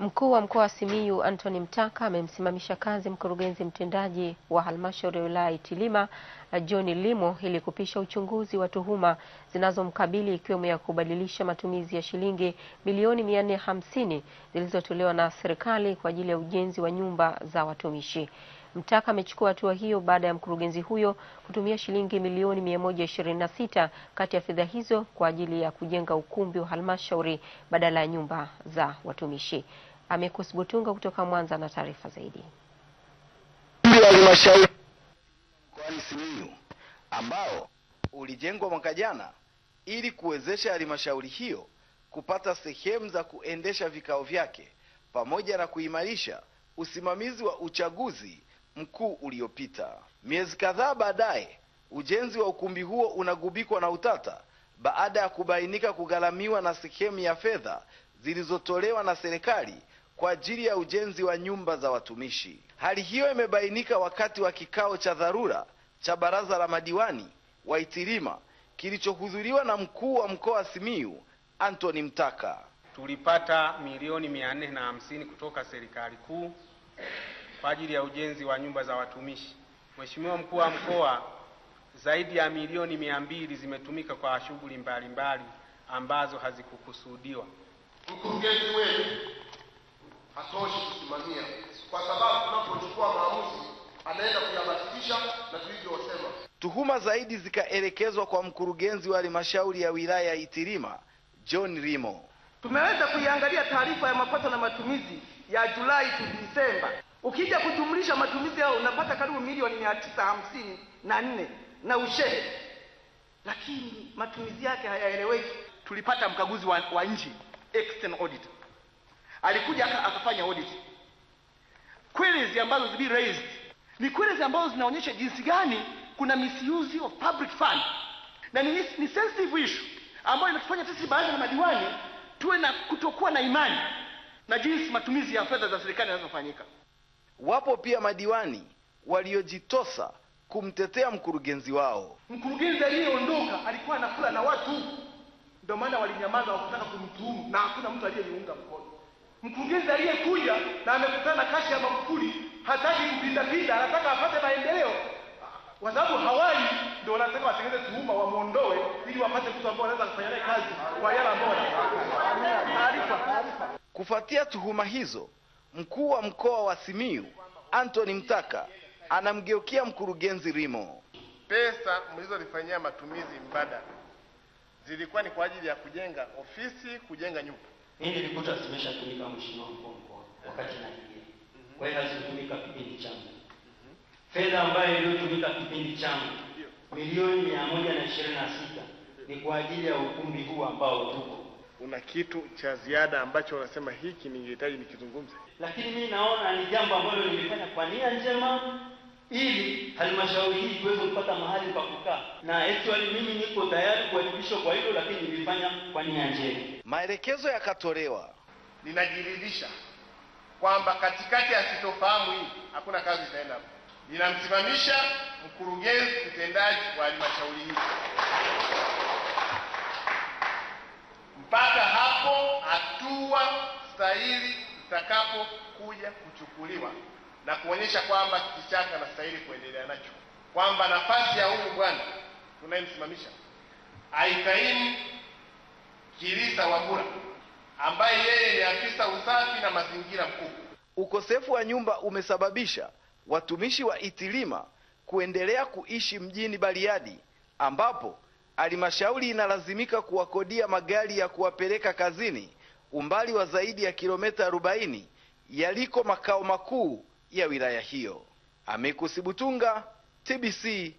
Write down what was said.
Mkuu wa mkoa wa Simiyu Anthony Mtaka amemsimamisha kazi mkurugenzi mtendaji wa halmashauri ya wilaya Itilima John Limo ili kupisha uchunguzi wa tuhuma zinazomkabili ikiwemo ya kubadilisha matumizi ya shilingi milioni mia hamsini zilizotolewa na serikali kwa ajili ya ujenzi wa nyumba za watumishi. Mtaka amechukua hatua hiyo baada ya mkurugenzi huyo kutumia shilingi milioni mia moja sita kati ya fedha hizo kwa ajili ya kujenga ukumbi wa halmashauri badala ya nyumba za watumishi. Amekus Butunga kutoka Mwanza na taarifa zaidi. Halmashauri mkoani Simiyu ambao ulijengwa mwaka jana ili kuwezesha halmashauri hiyo kupata sehemu za kuendesha vikao vyake pamoja na kuimarisha usimamizi wa uchaguzi mkuu uliopita. Miezi kadhaa baadaye, ujenzi wa ukumbi huo unagubikwa na utata baada ya kubainika kugharamiwa na sehemu ya fedha zilizotolewa na serikali kwa ajili ya ujenzi wa nyumba za watumishi. Hali hiyo imebainika wakati wa kikao cha dharura cha baraza la madiwani wa Itilima kilichohudhuriwa na mkuu wa mkoa wa Simiyu Anthony Mtaka. Tulipata milioni mia nne na hamsini kutoka serikali kuu kwa ajili ya ujenzi wa nyumba za watumishi. Mheshimiwa mkuu wa mkoa, zaidi ya milioni mia mbili zimetumika kwa shughuli mbalimbali ambazo hazikukusudiwa. Mkurugenzi wetu Tuhuma zaidi zikaelekezwa kwa mkurugenzi wa halmashauri ya wilaya ya Itilima John Rimo. Tumeweza kuiangalia taarifa ya mapato na matumizi ya Julai tu Disemba, ukija kujumlisha matumizi yao unapata karibu milioni mia tisa hamsini na nne na ushehe, lakini matumizi yake hayaeleweki. Tulipata mkaguzi wa, wa nje external audit, alikuja akafanya audit. Queries ambazo zibi raised ni queries ambazo zinaonyesha jinsi gani kuna misuse of public fund, na ni, ni sensitive issue ambayo inatufanya sisi baadhi ya madiwani tuwe na kutokuwa na imani na jinsi matumizi ya fedha za serikali yanavyofanyika. Wapo pia madiwani waliojitosa kumtetea mkurugenzi wao. Mkurugenzi aliyeondoka alikuwa anakula na watu, ndio maana walinyamaza, wakutaka kumtuhumu na hakuna mtu aliyeniunga mkono. Mkurugenzi aliyekuja na amekutana kashi ya Magufuli hataki kupindapinda, anataka apate maendeleo wanasema watengeneze tuhuma wamuondoe, ili wapate mtu ambaye anaweza kufanya naye kazi kwa yale ambayo taarifa. Kufuatia tuhuma hizo, mkuu wa mkoa wa Simiyu Anthony Mtaka anamgeukia mkurugenzi Rimo. Pesa mlizolifanyia matumizi mbadala zilikuwa ni kwa ajili ya kujenga ofisi, kujenga nyumba. Mimi nilikuta zimeshatumika mheshimiwa mkuu wa mkoa wakati naingia, kwa hiyo hazitumika kipindi changu. Mhm. Fedha ambayo iliyotumika kipindi changu milioni mia moja na ishirini na sita ni kwa ajili ya ukumbi huu ambao tuko. Una kitu cha ziada ambacho unasema hiki ningehitaji nikizungumze? Lakini mimi naona ni jambo ambalo nimefanya kwa nia njema ili halmashauri hii iweze kupata mahali pa kukaa, na actually mimi niko tayari kuwajibishwa kwa hilo, lakini nilifanya kwa nia njema. Maelekezo yakatolewa. Ninajiridhisha kwamba katikati ya sitofahamu hii hakuna kazi itaenda linamsimamisha mkurugenzi mtendaji wa halmashauri hii Mpaka hapo hatua stahili zitakapokuja kuchukuliwa na kuonyesha kwamba kiti chake anastahili kuendelea nacho, kwamba nafasi ya huyu bwana tunayemsimamisha aikaini Kirisa Wambura ambaye yeye ni afisa usafi na mazingira mkuu. Ukosefu wa nyumba umesababisha watumishi wa Itilima kuendelea kuishi mjini Bariadi ambapo halmashauri inalazimika kuwakodia magari ya kuwapeleka kazini umbali wa zaidi ya kilomita 40 yaliko makao makuu ya wilaya hiyo. Amekusibutunga, TBC